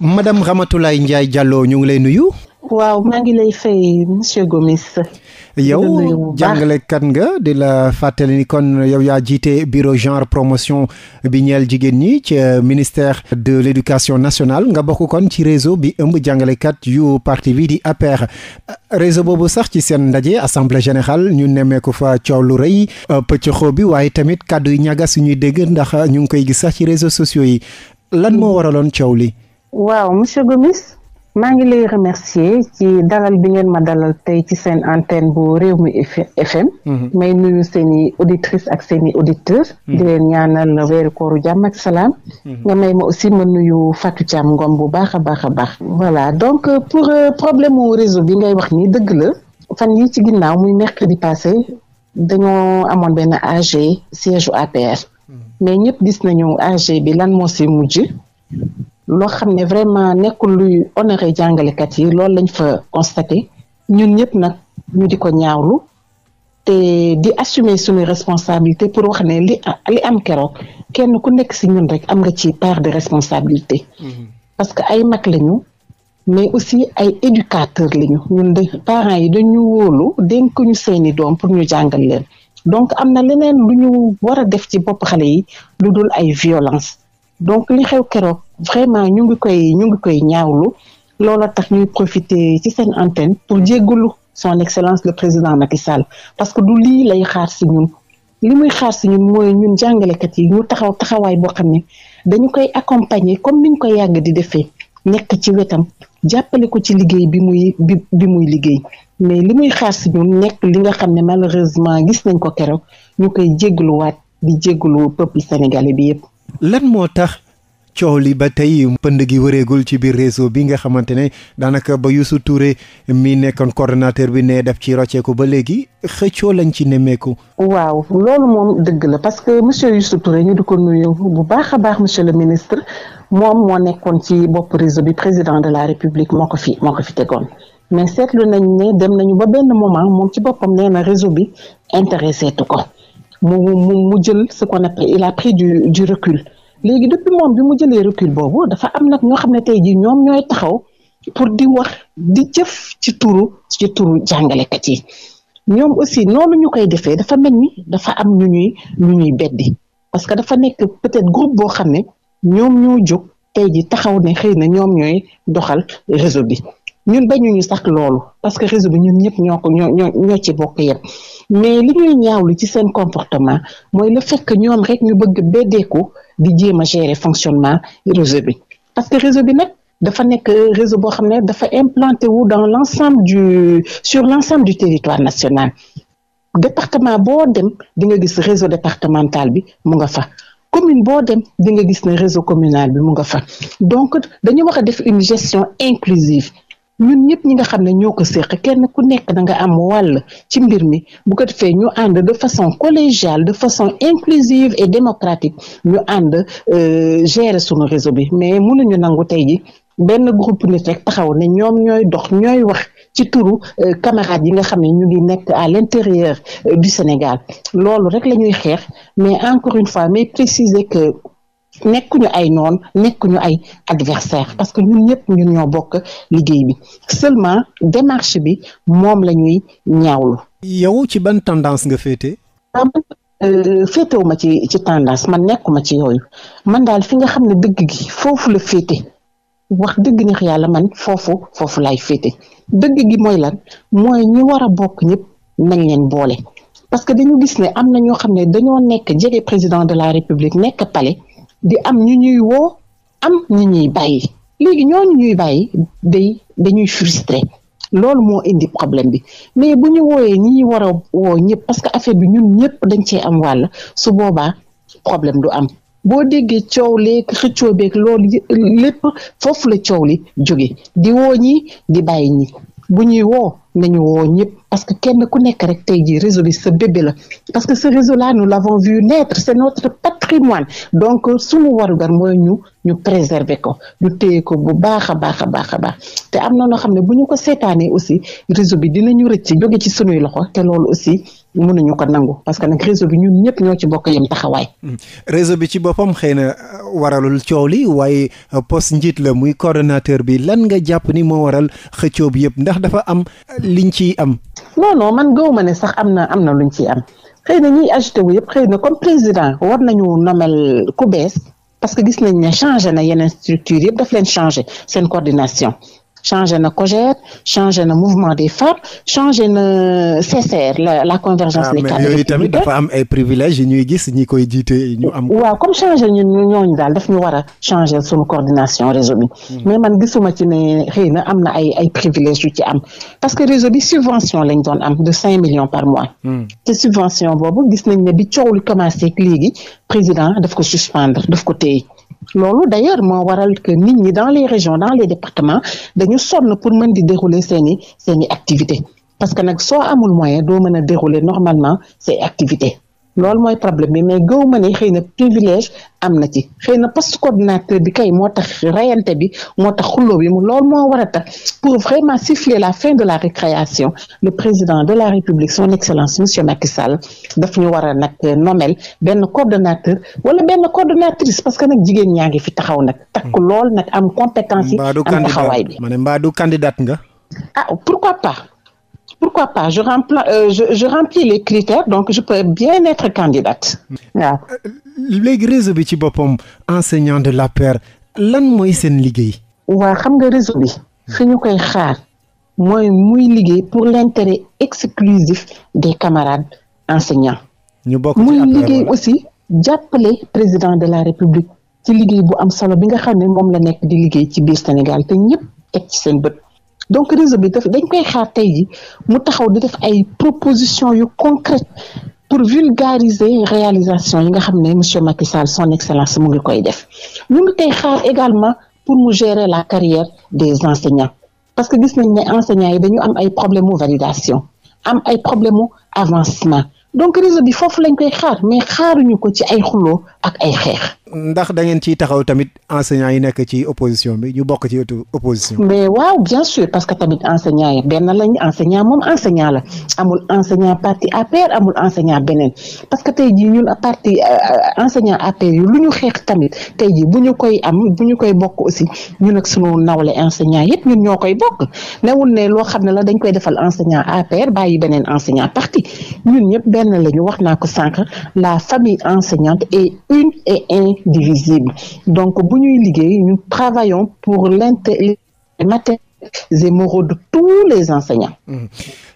madame Ramatoulaye Ndiaye Diallo ñu ngi lay nuyu. waaw maa ngi lay fay monsieur Gomis. yow jàngalekat nga di la fàttali ni kon yow yaa jiite bureau genre promotion bi ñeel jigéen ñi ci euh, ministère de l' nationale nga bokk kon ci réseau bi ëmb jàngalekat yu parti bi di APR. réseau boobu sax ci seen ndaje assemblée général ñu nemmee ko fa coow lu rey euh, pëccëxoo bi waaye tamit kàddu yu ñagas yu ñuy dégg ndax ñu ngi koy gis sax ci réseaux sociaux yi lan moo waraloon coow li. waaw monsieur Gomis maa ngi lay remercier ci dalal bi ngeen ma dalal tey ci seen antenne bu mi FM mhm. may nuyu seen i auditrice ak seeni i auditeur mhm. di leen ñaanal weeru kooru jàmm ak salaam mhm. nga may ma aussi ma nuyu Fatou Thiam Ngom bu baax a baax a baax voilà donc euh, pour euh, problème mu réseau bi ngay wax ni dëgg la fan yi ci ginnaaw muy mercredi passé dañoo amoon benn AG siège u APR mais ñëpp gis nañu AG bi lan moo si mujj loo xam ne vraiment nekkul luy honoré jàngalekat yi loolu lañ fa constaté ñun ñëpp nag ñu di ko ñaawlu te di assumer suñu responsabilité pour wax ne li li am keroog kenn ku nekk si ñun rek am nga ci part de responsabilité. Mhm. parce que ay mag lañu mais aussi ay éducateurs ñu ñun de parents yi dañu wóolu dénk ñu seeni doom pour ñu jàngal leen donc am na leneen lu ñu war a def ci bopp xale yi lu dul ay violence donc li xew keroog. vraiment ñu ngi koy ñu ngi koy ñaawlu loola tax ñuy profité ci seen antenne pour jéggalu son excellence le président Macky Sall parce que du lii lay xaar si ñun li muy xaar si ñun mooy ñun jàngalekat yi ñu taxaw taxawaay boo xam ne dañu koy accompagner comme niñ koy yàgg di defee nekk ci wetam jàppale ko ci liggéey bi muy bi bi muy liggéey mais li muy xaar si ñun nekk li nga xam ne malheureusement gis nañ ko keroog ñu koy jéggaluwaat di jéggalu peuple sénégalais bi yëpp. lan moo tax coow li ba tey pënd gi wëreegul ci biir réseau bi nga xamante ne daanaka ba Youssou Touré mi nekkoon coordonnateur bi ne def ci rocceeku ba léegi xëccoo lañ ci nemmeeku. waaw loolu moom dëgg la parce que monsieur Youssou Touré ñu di ko nuyu bu baax a baax monsieur le ministre moom moo nekkoon ci bopp réseau bi président de la république moo ko fi moo ko fi tegoon. mais seetlu nañ ne dem nañu ba benn moment moom ci boppam nee na réseau bi intéressé tu ko mu mu jël ce qu'on appelle il léegi depuis moom bi mu jëlee recul boobu dafa am nag ñoo xam ne tey jii ñoom ñooy taxaw pour di wax di jëf ci turu ci turu jàngalekat yi ñoom aussi noonu ñu koy defee dafa mel ni dafa am ñu ñuy ñu ñuy beddi parce que dafa nekk peut-être groupe boo xam ne ñoom ñoo jóg tey ji taxaw ne xëy na ñoom ñooy doxal réseau bi ñun bañuñu sax loolu parce que réseau bi ñun ñëpp ñoo ko ñoo ñoo ñoo ci bokk yépp mais li ñuy ñaawlu ci seen comportement mooy le fekk que ñoom rek ñu bëgg beddeeku di jéem a gérer fonctionnement réseau bi parce que réseau bi nag dafa nekk réseau boo xam ne dafa implanté wu dans l' ensemble du sur l' ensemble du territoire national département boo dem di nga gis réseau départemental bi mu nga fa commune boo dem di nga gis ne réseau communal bi mu nga fa donc dañoo war def une gestion inclusive ñun ñëpp ñi nga xam ne ñoo ko séq kenn ku nekk da nga am wàll ci mbir mi bu ko defee ñu ànd de façon collégiale de façon inclusive et démocratique ñu ànd euh, gérer suñu réseau bi mais mënuñu nangu tey ji benn groupe nit rek taxaw ne ñoom ñooy dox ñooy wax ci turu euh, camarades yi nga xam ne ñu ngi nekk à l'intérieur euh, du Sénégal loolu rek la ñuy mais encore une fois mais préciser que nekkuñu ay noon nekkuñu ay adversaire parce que ñun ñëpp ñun ñoo bokk liggéey bi seulement démarche bi moom la ñuy ñaawlu. yow ci ban tendance nga féete. Ah, euh, féetewu ma ci ci tendance man nekkuma ci yooyu man daal fi nga xam ne dëgg gi foofu la féete wax dëgg neex yàlla man foofu foofu laay féete dëgg gi mooy lan mooy ñi war a bokk ñëpp nañ leen boole parce que dañu gis ne am na ñoo xam ne dañoo nekk jege président de la république nekk palais. di am ñu ñuy woo am ñu ñuy bàyyi léegi ñoo ñuy bàyyi da dañuy frustré loolu moo indi problème bi mais bu ñu wooyee ñi ñuy war a woo ñëpp parce que affaire bi ñun ñëpp dañ cee am wàll su boobaa problème du am boo déggee coow leeg xëccoo beeg loolu lépp foofu la coow li jóge di woo ñi di bàyyi ñi bu ñuy woo nañu woo ñëpp parce que kenn ku nekk rek tey jii réseau bi sa bébé la parce que ce réseau là nous l'avons vu naître c'est notre patrimoine donc suñu warugar mooy ñu ñu préserver ko ñu téye ko bu baax a baax a baax a baax te am na loo xam ne bu ñu ko seetaanee aussi réseau bi dina dinañu rëcc jóge ci sunuy loxo te loolu aussi mun mënuñu ko nangu parce que nag réseau bi ñun ñëpp ñoo ci bokk yem taxawaay. Hmm. réseau bi ci boppam xëy na euh, waralul coow li waaye euh, poste njiit la muy coordonnateur bi lan nga jàpp ni moo waral xëccoo bi yëpp ndax dafa am liñ ciy am. non non man gëw ma ne sax am na am na luñ ciy am xëy na ñiy agité wu yëpp xëy na comme président war nañu nomel ku bees parce que gis nañ ne changé na yeneen structure yëpp daf leen changé seen coordination. changé na COJER changé na mouvement des femmes changé na CCR la la convergence. Ah, des cadres yooyu dafa am ay privilèges ñuy gis ñi koy jiite ñu am. waaw comme changé ñun ñooñu daal daf ñu war a changé sunu coordination réseau hmm. mais man gisuma ci ne xëy na am na ay ay privilèges yu ci am parce que réseau bi subvention lañ doon am de cinq millions par mois. Hmm. te subvention boobu gis nañ ne bi coow li commencé léegi président daf ko suspendre daf ko téye. loolu d'ailleurs moo waral que nit ñi dans les régions dans les départements dañu sonn pour mën di dérouler seen i seen activité parce que nag soo amul moyen doo mën a dérouler normalement ces activités loolu mooy problème bi mais gëw ma ne xëy na privilège am na ci xëy na poste coordinateur bi kay moo tax rayante bi moo tax xulo bi mu lool moo war a tax pour vraiment siffler la fin de la récréation le président de la république son excellence monsieur Macky Sall daf ñu war a nag nomel benn coordinateur wala benn coordonnatrice parce que nag jigéen ñaa ngi fi taxaw nag takk hmm. lool nag am compétence yi am taxawaay bi ma ne mbaa du candidate nga ah pourquoi pas pourquoi pas je remplis euh, je, je remplis les critères donc je peux bien être candidate euh, waaw. réseau bi ci boppam enseignant de la l'APR lan mooy seen liggéey. waa xam nga réseau bi fi koy xaar mooy muy liggéey pour l'intérêt exclusif des camarades enseignants. ñu bokk ci muy liggéey aussi jàppale président de la république ci liggéey bu am solo bi nga xam ne moom la nekk di liggéey ci biir Sénégal te ñëpp teg ci seen bët. donc réseau bi daf dañ koy xaar tey mu taxaw di def ay proposition yu concrète pour vulgariser réalisation yi nga xam ne monsieur Macky Sall son excellence mu ngi koy def ñu ngi koy xaar également pour mu gérer la carrière des enseignants parce que gis nañ ne enseignants yi dañu am ay problème mu validation am ay problème mu avancement donc réseau bi foofu lañ koy xaar mais xaaruñu ko ci ay xuloo ak ay xeex ndax da ngeen ciy taxaw tamit enseignants yi nekk ci opposition bi ñu bokk ci opposition. mais waaw bien sûr parce que tamit enseignants yi benn lañ enseignant moom enseignant la amul enseignant parti APR amul enseignant beneen parce que tey jii ñun parti euh, euh, enseignant APR yi lu ñu xeex tamit tey jii bu ñu koy am bu ñu koy bokk aussi ñun ak sunu nawle enseignant yëpp ñun ñoo koy bokk newul ne loo xam ne la dañ koy defal enseignant APR bàyyi beneen enseignant parti ñun ñëpp benn la ñu wax naa ko sànq la famille enseignante est une et un. indivisible donc bu ñuy liggéey ñu travaillons pour l'inté matériel et de tous les enseignants. Hmm.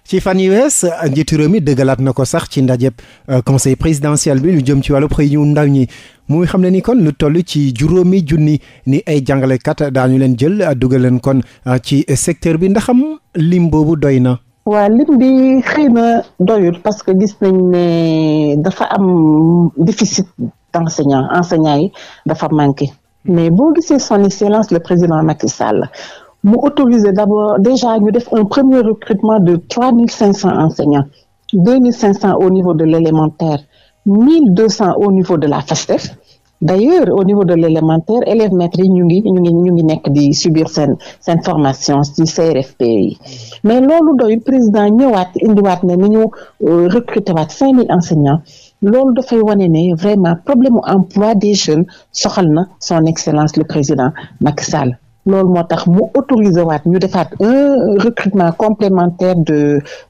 ci fan yu wees njiitu réew mi dëggalaat na ko sax ci ndaje euh, conseil présidentiel bi lu jëm ci wàllu xëy ñu ndaw ñi muy xam ne ni kon lu toll ci juróomi junni ni ay jàngalekat daañu leen jël dugal leen kon euh, ci secteur bi ndaxam lim boobu doy na. waa lim bi xëy na doyul parce que gis nañ ne dafa am déficit enseignants enseignants yi dafa mais boo son excellence le président Macky Sall mu autorisé d'abord déjà ñu def un premier recrutement de trois mille cinq cents enseignants au niveau de l'élémentaire mille deux au niveau de la FASTEF d'ailleurs au niveau de l'élémentaire élèves maîtres yi ñu ngi ñu ngi ñu ngi nekk di subir seen seen formation ci CRFP yi mais loolu doy président ñëwaat indiwaat ne ni ñu euh, recruter waat enseignants loolu dafay wane ne vraiment problème mu emploi des jeunes soxal na son excellence le président Macky Sall loolu moo tax mu autorisé waat ñu defaat un recrutement complémentaire de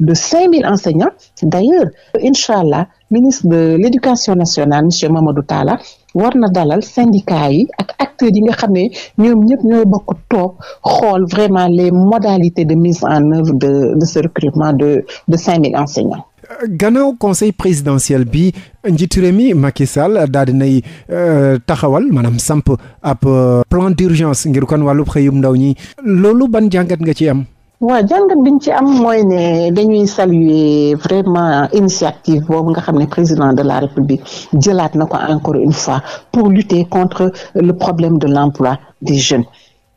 de cinq mille enseignants d'ailleurs incha allah ministre de l'éducation nationale monsieur Mamadou Talla war na dalal syndicat yi ak acteurs yi nga xam ne ñoom ñëpp ñooy bokk toog xool vraiment les modalités de mise en œuvre de de ce recrutement de de cinq mille enseignants gannaaw conseil présidentiel bi njiitu mi Macky Sall daal dinay euh, taxawal maanaam samp ab euh, plan d'urgence ngir kon wàllu xëyum ndaw ñi loolu ban jàngat nga ci am waa jàngat biñ ci am mooy ne dañuy saluer vraiment initiative boobu nga xam ne président de la république jëlaat na ko encore une fois pour lutter contre le problème de l'emploi des jeunes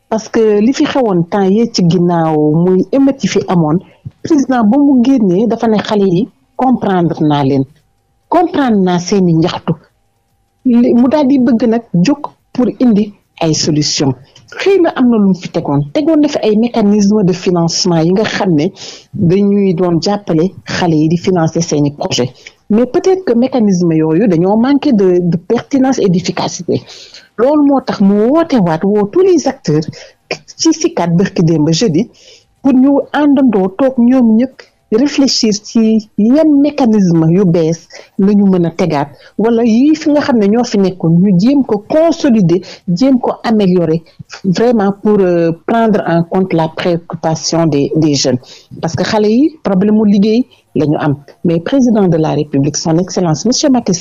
parce que li fi xewoon temps yee ci ginnaaw muy émeute yi fi amoon président ba mu génnee dafa ne xale comprendre naa leen comprendre naa seeni njaxtu mu daal di bëgg nag jóg pour indi ay solution xëy na am na lu mu fi tegoon tegoon na fi ay mécanisme de financement yi nga xam ne dañuy doon jàppale xale yi di financer seeni projet mais peut-être que mécanisme yooyu dañoo manqué de de pertinence et d'efficacité loolu moo tax mu woote waat woo tous les acteurs ci si kat bërki démb jeudi pour ñu àndandoo toog ñoom ñëpp réfléchir ci yan mécanisme yu bees la ñu mën a tegaat wala yii fi nga xam ne ñoo fi nekkoon ñu jéem ko consolider jéem ko améliorer vraiment pour euh, prendre en compte la préoccupation des des jeunes parce que xale yi problème mu liggéey la ñu am mais président de la république son excellence monsieur Macky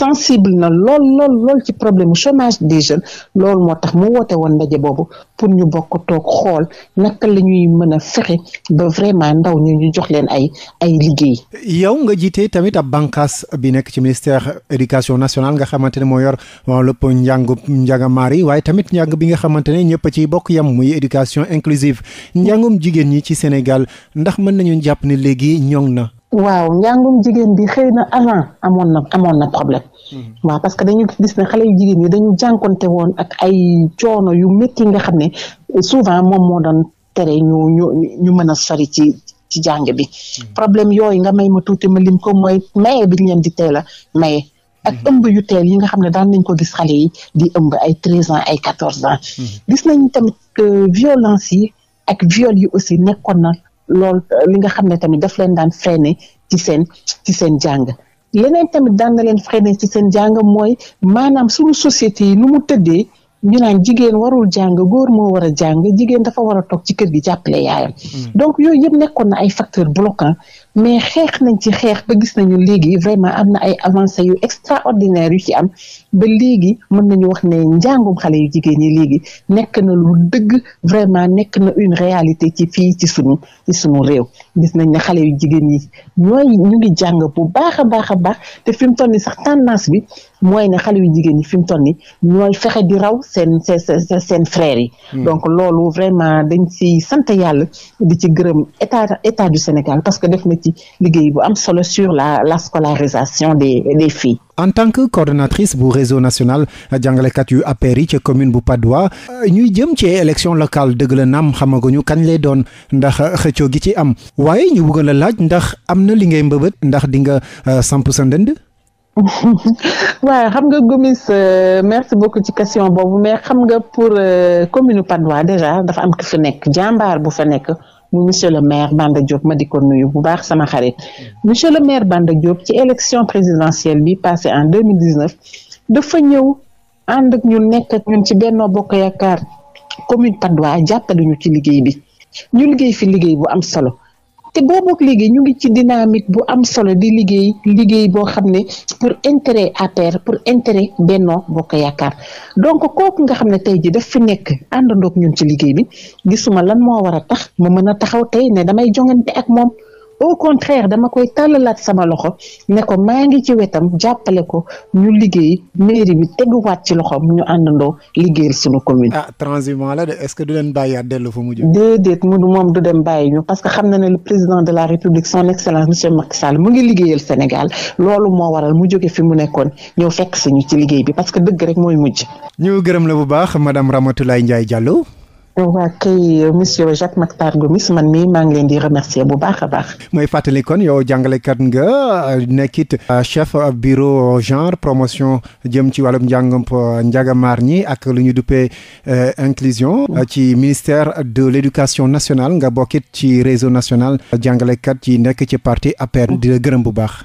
sensible na lool lool lool ci problème chômage des jeunes loolu moo tax mu woote woon ndaje boobu pour ñu bokk toog xool naka la ñuy mën a fexe ba vraiment ndaw ñu ñu jox leen ay ay liggéey. yow nga jiite tamit ab bànqaas bi nekk ci ministère éducation nationale nga xamante ne moo yor euh, lépp njàngu njàngamaar yi waaye tamit njàng bi nga xamante ne ñëpp ci bokk yam muy éducation inclusive njàngum jigéen ñi ci Sénégal ndax mën nañu am na. waaw njàngum jigéen bi xëy na avant amoon na amoon na problème. Hmm. waaw parce que dañu gis ne xale yu jigéen ñi dañu jànkonte woon ak ay coono yu métti nga xam ne souvent moom moo doon tere ñu ñu ñu mën a sori ci. ci jàng bi hmm. problème yooyu nga may ma tuuti ma lim ko mooy maye bi ñu leen di teel a maye ak hmm. ëmb yu teel yi nga xam ne daal nañ ko gis xale yi di ëmb ay treize ans ay quatorze ans gis nañ tamit violence yi ak viol yi aussi nekkoon na lool euh, li nga xam ne tamit daf leen daan freiner ci seen ci seen jàng leneen tamit daan na leen freiner ci seen jàng mooy maanaam sumu société yi nu mu tëddee ñu naan jigéen warul jàng góor moo war a jàng jigéen dafa war a toog ci kër gi jàppale yaayam. Mm. donc yooyu yëpp nekkoon na ay facteurs bloquants mais xeex nañ ci xeex ba gis nañu léegi vraiment am na ay avancé yu extraordinaire yu ci am ba léegi mën nañu wax ne njàngum xale yu jigéen ñi léegi nekk na lu dëgg vraiment nekk na une réalité ci fii ci sunu ci sunu réew. gis nañ ne xale yu jigéen yi ñooy ñu ngi jàng bu baax a baax a baax te fi mu toll nii sax tendance bi mooy ne xale yu jigéen yi fi mu toll nii ñooy fexe di raw seen seen seen frères yi. Hmm. donc loolu vraiment dañ ci sant yàlla di ci gërëm état état du Sénégal parce que def na ci liggéey bu am solo sur la la scolarisation des des filles. en tant que coordonnatrice bu réseau national jàngalekat yu APR yi ca commune bu Patte d'Oie ñuy jëm ci élection locale dëgg la naam ñu kañ lay doon ndax xëccoo gi ci am waaye ñu bëgg la laaj ndax am na li ngay mbëbët ndax di nga euh, samp sa ndënd. waaw xam nga Gomis euh, merci beaucoup ci question boobu mais xam nga pour euh, commune Patte d'Oie déjà dafa am ki fi nekk jàmbaar bu fa nekk. mu monsieur le maire Banda Diop ma di ko nuyu bu baax sama xarit monsieur le maire Banda Diop ci élection présidentielle bi passée en deux mille dix neuf dafa ñëw ànd ak ñun nekk ak ci Benno Bokk Yaakaar commune Patte d'Oie jàppale ñu ci liggéey bi ñu liggéey fi liggéey bu am solo. te boobook léegi ñu ngi ci dynamique bu am solo di liggéey liggéey boo xam ne pour intérêt APR pour intérêt Benno Bokk Yaakaar donc kooku nga xam ne tey ji daf fi nekk àndandoog ñun ci liggéey bi gisuma lan moo war a tax ma mën a taxaw tey ne damay jongante ak moom au contraire dama koy tàllalaat sama loxo ne ko maa ngi ci wetam jàppale ko ñu liggéey mairie bi teguwaat ci loxoom ñu àndandoo liggéeyal sunu commune. ah transhumant la de est-ce que du leen bàyyiwaat dellu fa mu jëm. déedéet mu moom du dem bàyyi ñu parce que xam na ne le président de la république son excellence monsieur Macky Sall mu ngi liggéeyal Sénégal loolu moo waral mu jóge fi mu nekkoon ñëw fekk si ñu ci liggéey bi parce que dëgg rek m mujj. ñu gërëm la bu baax madame Ramatoulaye Ndiaye Diallo. waa kay euh, monsieur Jacques Mactar Gomis man mii maa ngi leen di remercier bu baax a baax. mooy fàttali kon yow jàngalekat nga euh, nekkit euh, chef bureau genre promotion jëm ci wàllum njàngam njagamaar ñi ak lu ñu duppee inclusion ci ministère de l' nationale nga bokkit ci réseau national jàngalekat yi nekk ci parti APR di la gërëm bu baax.